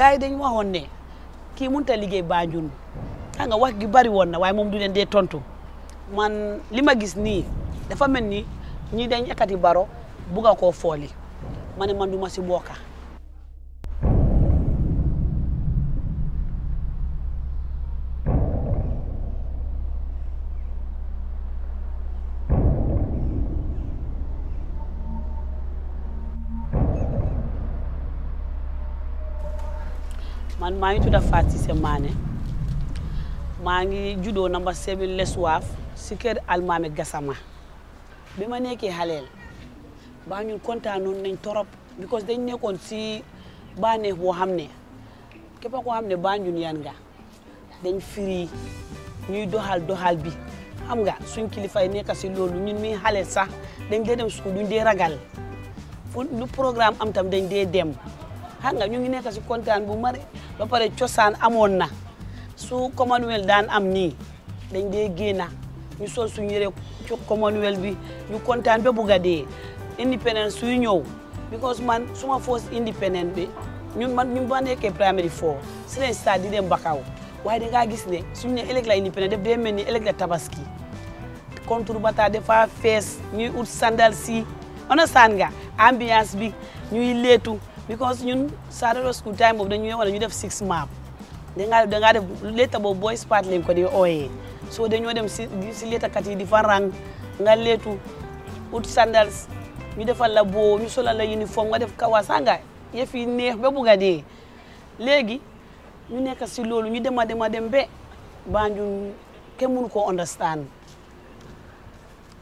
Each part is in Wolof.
gaay dañ waxone ki munta liggey banjun ta nga wax gi bari won na waye mom du len de tontu man lima gis ni dafa melni ñi dañ ekati baro bu ko foli mané man duma ci boka man maa ngi tudda Fatou Cissé Mané maa ngi juddoo namba seven Lesuwaaf si kër Almaami Gassama bi ma nekkee xaleel baa ñun kontaanoon nañ torop because dañ nekkoon si bànneex boo xam ne képp koo xam ne Banjul yan nga dañ firi ñuy doxal doxal bi xam nga suñ kilifa yi nekk si loolu ñun mi xale sax dañ dee dem suku duñ dee ragal fu programme am tam dañ dee dem xam nga ñu ngi nekk si kontaan bu mari ba pare cosaan amoon na su commonwealth daan am nii dañ dee génna ñu sol suñu yëre ci commonwealth bi ñu kontaan be bugg a dee independence suy ñëw because man suma force independence bi ñun man ñu ba nekkee primary four si lañ stade di dem Bakaw waaye di ngaa gis ne suñu ne éleg la de def dee mel ni éleg la tabaski contour bata dafa fees ñu ut sandal si understand nga ambiance bi ñuy leetu because ñun Sadio school time boobu dañu wala ñu def six map dangaa dangaa def létta boobu boy spart lañ ko di ooyee so dañoo dem si si léttakat yi di fa rang nga leetu ut sandals ñu defal la boo ñu solal la uniforme nga def kawasanga yëf yi neex ba bugg a dee ñu nekk si loolu ñu dem a dem a dem ba Banjul kenn mënu ko understand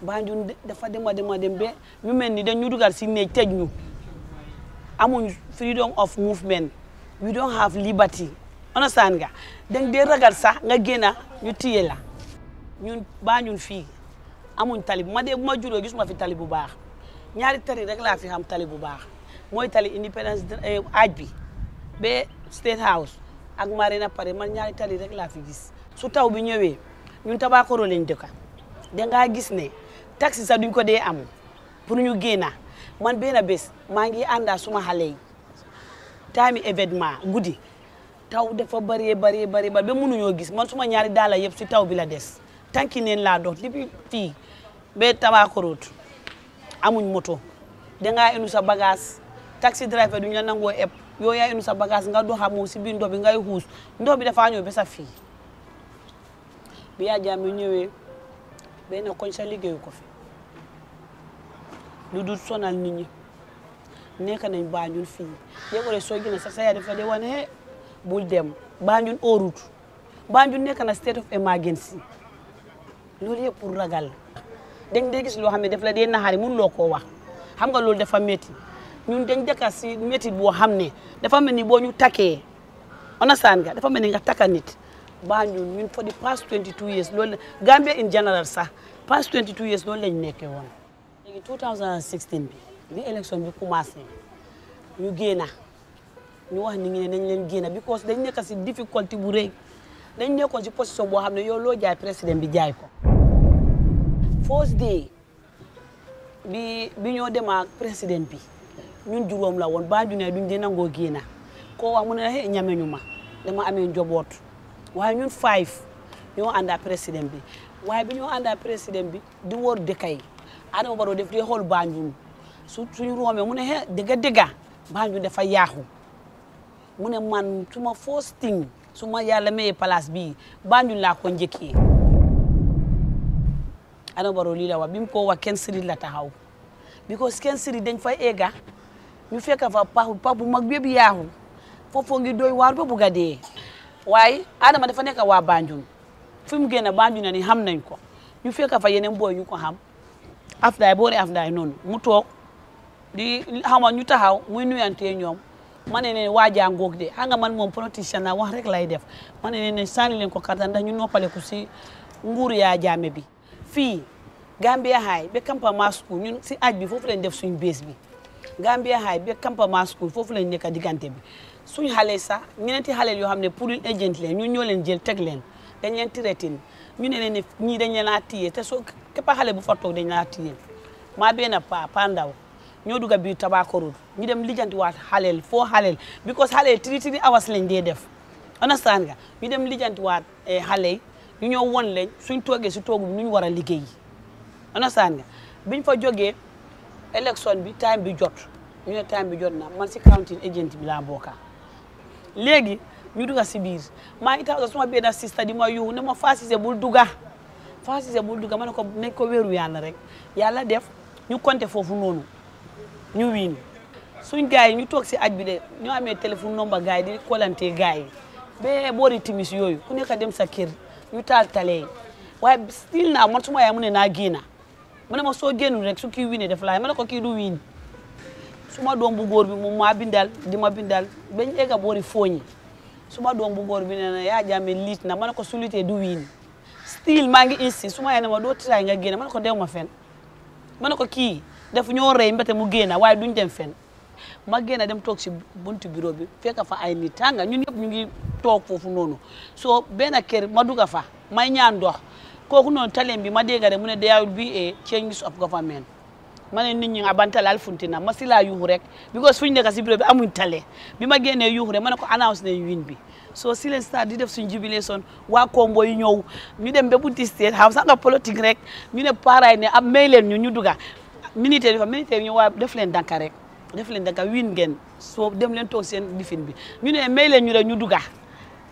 Banjul dafa dem a dem dem ba ñu mel ni dañ ñu dugal si néeg tëj ñu. amuñ freedom of movement we don't have liberty understand nga dang dee ragal sax nga génna ñu téye la ñun baa ñun fii amuñ tali bu ma dee bu ma juróo gis ma fi tali bu baax ñaari tali rek laa fi xam tali bu baax mooy tali indépendance eh, aaj bi ba state house ak na pare man ñaari tali rek laa fi gis su taw bi ñëwee ñun Tabakoro lañ dëkka dangaa gis ne taxi sax duñ ko dee am pour ñu génna man benn bés maa ngi àndaa suma xale yi taami événement guddi taw dafa bëree bëree bëri ba mënuñoo gis man suma ñaari daala yëpp si taw bi la des tànki neen laa dox depuis fii ba Tabakoroot amuñ moto dangaa inu sa bagage taxi driver duñ la nangoo ëpp yow yaa inu sa bagage nga dox amoo si biir ndox bi ngay xuus ndox bi dafaa ñëw ba sa fii bi yaa jaam mi ñëwee benn koñ sa liggéeyu ko fi lu dul sonal nit ñi nekk nañ Banjul fii de soo gën a sax sa yaay dafa de wane bul dem Banjul óorut Banjul nekk na state of emergency loolu yëpp pour ragal dañ dee gis loo xam ne daf la dee naxari mun loo koo wax xam nga loolu dafa métti ñun dañ dëkka si métti boo xam ne dafa mel ni boo ñu takkee onasaan nga dafa me ni nga takka nit Banjul ñun for the past 22 years loolu la Gambia in general sa past 22 years loolu lañ nekkee woon léegi 2016 bi bi élection bi commencé ñu génna ñu wax nit ñi nañ leen génna because dañ nekk si difficulté bu rëy dañ nekkoon si position boo xam ne yow loo jaay président bi jaay ko first day bi bi ñoo demaa ak bi ñun juróom la woon baa ñu ne duñ di nangoo génna koo wax mu ne eh ñame ñu ma dama amee njaboot waaye ñun five ñoo àndaa président bi waaye bi ñoo àndaa président bi di wóor dëkk yi Adama Barrow def dee xool Banjul su suñu roomee mu ne xe dëgga dëgga Banjul dafa yaaxu mu ne man su ma fosting su ma yàlla mayee place bii Banjul laa ko njëkkee Adama Barrow lii la wax bi mu ko wax kenn siri la taxaw because kenn siri dañ fa eega ñu fekk fa pax bu mag bépp yaaxu foofoo ngi doy waar ba bugg dee waaye Adama dafa nekk waa Banjul fi mu génn Banjul na ni xam nañ ko ñu fekk fa yeneen booy ñu ko xam afdaay boori afdaay noonu mu toog di xam ñu taxaw muy nuyantee ñoom ma ne leen waajaa ngoog de xam man moom politicien la wax rek lay def ma ne leen sànni leen ko karta ndax ñu noppaleku si nguuru yaa jaame bi fii Gambia High ba campement school ñun si aj bi foofu lañ def suñ bés bi Gambia High ba campement school foofu lañ nekk diggante bi suñ xale sax ñeneenti xale yoo xam ne pour agent leen ñun ñoo leen jël teg leen dañ leen tiretin ñu ne leen ne ñii dañ leen a téye te soo képp xale bu fa toog dañ laa tiim maa pa pa ndaw ñoo duga bi Tobacco Road ñu dem lijanti waat xaleel foo xaleel because xaleel tri tri awas lañ dee def understand nga ñu dem lijanti waat eh, xale ñu ñoo won lañ suñ toogee su togu ñu war a liggéey yi understand nga biñ fa jógee élection bi time bi jot ñu ne time bi jot na man si county agent bi la boka léegi ñu duga ci bir ma itaw suma bena sister di ma yu ne ma fasise bul dugga fasi Cissé bu dugg ma ne ko nañ ko wéeru yàlla rek yàlla def ñu compté foofu nonu ñu wiin suñ gars yi ñu toog si aj bi de ñu amee téléphone nomba gars di kolante gars yi ba timis yooyu ku nekk dem sa kër ñu tal talee waaye stil na man suma yaay mu ne naa génna mu ne ma soo rek su kii wiine def laay ma ko kii du wiin suma doom bu góor bi mu ma bindal di ma bindal bañ egg a fooñi suma doom bu góor bi nee na yaa jàmme na ma ne ko su du win still maa ngi ici su ma yaay ne ma doo tiraay nga génn ma ne ko dew ma fen ma ne ko kii daf ñoo rey mbete mu génn waaye duñ dem fen ma génn dem toog si buntu bureau bi fekk fa ay nit tànga ñun ñëpp ñu ngi toog foofu noonu soo benn kër ma dugg fa may ñaan dox kooku noonu talem bi ma dégg rek mu ne there will be a change of government ma ne nit ñi nga bantalal funtina ma sila laa rek because fu ñu nekk si bureau bi amuñ bi ma génnee yuuxu rek ma ne ko annonce nañ win bi soo si leen stade di def suñ jubilation waa Kombo yi ñëw ñu dem ba bunti state xam sax nga politique rek ñu ne paaraay ne am may leen ñu ñu duga militaire yi fa yi ñu waa def leen danka rek def leen danka win ngeen soo dem leen toog seen lifin bi ñu ne may leen ñu rek ñu duga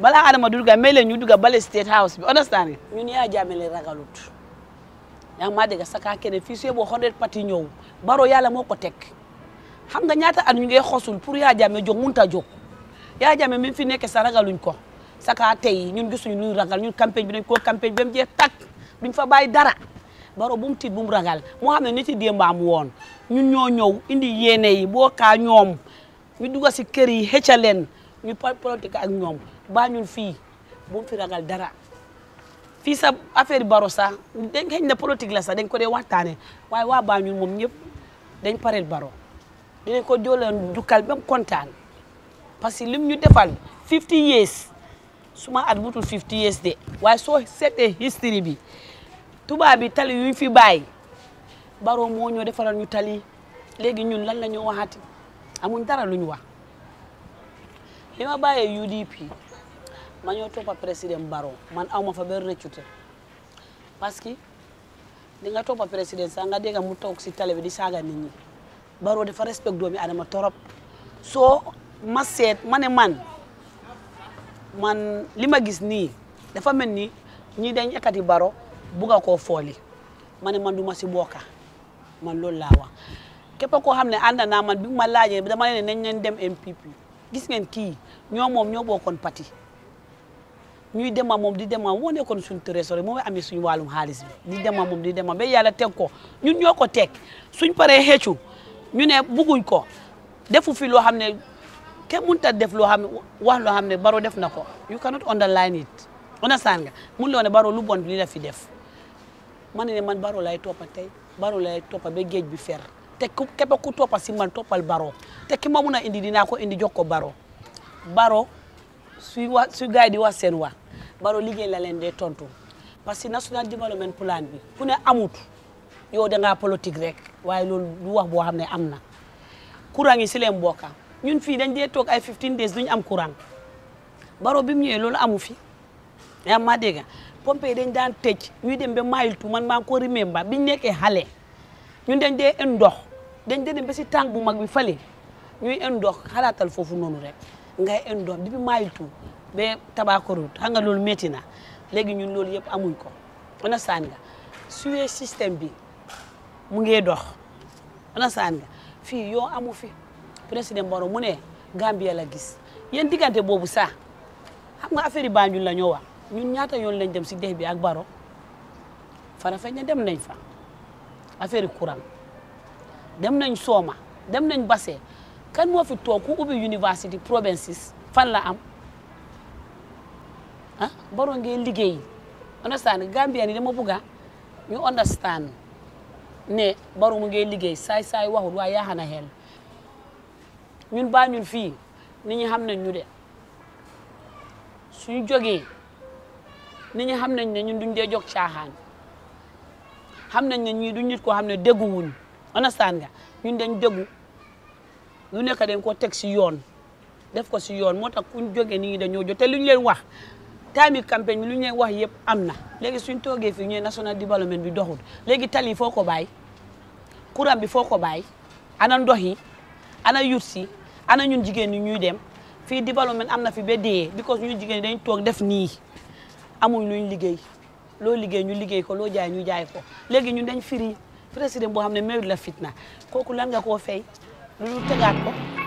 balaa Adama du duga may leen ñu duga bale state house bi understand ñun yaa jaamele ragalut yaa ngi maa saka keneen fii su yeboo hundred parti ñëw baro yàlla moo ko teg xam nga ñaata at ñu ngi xosul pour yaa jame jog mënut a jóg yaa jàmme mi fi nekk sa ragaluñ ko saka tey ñun gisuñu luñ ragal ñun campagne bi dañ koo campagne ba mu jeex tàkk duñ fa bàyyi dara baro bu mu tiit bu mu ragal moo xam ne nit yi démbaam woon ñun ñoo ñëw indi yéene yi boo kaa ñoom ñu dugg si kër yi xëcca leen ñu politique ak ñoom baa ñun fii bu mu fi ragal dara fii sa affaire baro sax dañ xëy na la sax dañ ko dee waxtaanee waaye waa Banjul moom ñëpp dañ pareel baro dinañ ko jooleen jukkal ba kontaan parce que lim ñu defal 50 years ma at butul 50 years de waaye soo seetee history bi tubaab bi tali yuñ fi bàyyi baro moo ñoo defaral ñu tali léegi ñun lan la ñu waxati amuñ dara lu ñu wax li UDP. ma ñoo toppa président baro man aw ma fa benn rëccute parce que di nga toppa président sax nga dégg mu toog si télé bi di saaga nit ñi Barrow dafa respect doomi Adama torop soo ma seet ma man man li ma gis nii dafa mel ni ñii dañ ekkati Barrow bugga ko fooli ma ne man duma si bokka man loolu laa wax képp koo xam ne ànd naa man bi ma laajee dama ne nañ leen dem MPP gis ngeen kii ñoo moom ñoo bokkoon pati ñuy dema moom di dema moo nekkoon suñu trésor moo amee suñu wàllum xaalis bi di dema moom di dema ba yàlla teg ko ñun ñoo ko teg suñ paree xëccu ñu ne bugguñ ko defu fi loo xam ne kenn mënut a def loo xam ne wax loo xam ne baro def na ko you cannot underline it understand nga mun loo ne baro lu bon li la fi def man ne man baro lay toppa tey baro lay toppa ba géej bi fer te ku képp ku toppa si man toppal baro te ki ma mun a indi dinaa ko indi jox ko baro baro suy wa su gars di wax seen wa Baro liggéey la leen dee tontu parce que national development plan bi ku ne amut yow da ngaa politique rek waaye loolu du wax boo xam ne am na. courant yi si leen bokka ñun fii dañ dee toog ay 15 days duñu am courant Baro bi mu ñëwee loolu amu fi yaa ma dégg pompe dañ daan tëj ñuy dem ba mayil tu man maa ko remember biñ nekkee xale ñun dañ de en ndox dañ dee dem ba si tànk bu mag bi fale ñuy en ndox xalaatal foofu noonu rek ngay en ndox mayil tu ba Tabacourou xam nga loolu métti na léegi ñun loolu yëpp amuñ ko ana saan nga suwee système bi mu ngee dox ana saan nga fii yoo amu fi président Barrow mu ne Gambia la gis yéen diggante boobu sax xam nga affaire yi Banjul la ñoo wax ñun ñaata yoon lañ dem si dex bi ak Barrow Farafenni dem nañ fa affaire courant dem nañ Soma dem nañ Basse kan moo fi toog ku ubbi university provinces fan la am ah baroo ngee liggéey understand Gambien yi dama bëgg a ñu understand ne baro mu ngee liggéey saay-saay waxut waaye yaaxan a xel ñun baa ñun fii ni ñu xam nañ ñu de suñu jógee nit ñu xam nañ ne ñun duñ de jóg caaxaan xam nañ ne ñii duñ nit koo xam ne déggu wuñ understand nga ñun dañ déggu lu nekk dañ ko teg si yoon def ko si yoon moo tax kuñ jógee nit ñi dañoo jóg te li ñu leen wax time campagne bi lu ñuy wax yëpp am na léegi suñ toogee fii ñooy national development bi doxul léegi tali foo ko bàyyi courant bi foo ko bàyyi ana ndox yi ana yur si ana ñun jigéen ñi ñuy dem fii development am na fi be dee because ñun jigéen ñi dañ toog def nii amuñ luñ liggéey loo liggéey ñu liggéey ko loo jaay ñu jaay ko léegi ñun dañ firi président boo xam ne mairie la fitna kooku lan nga koo fay lu tegaat ko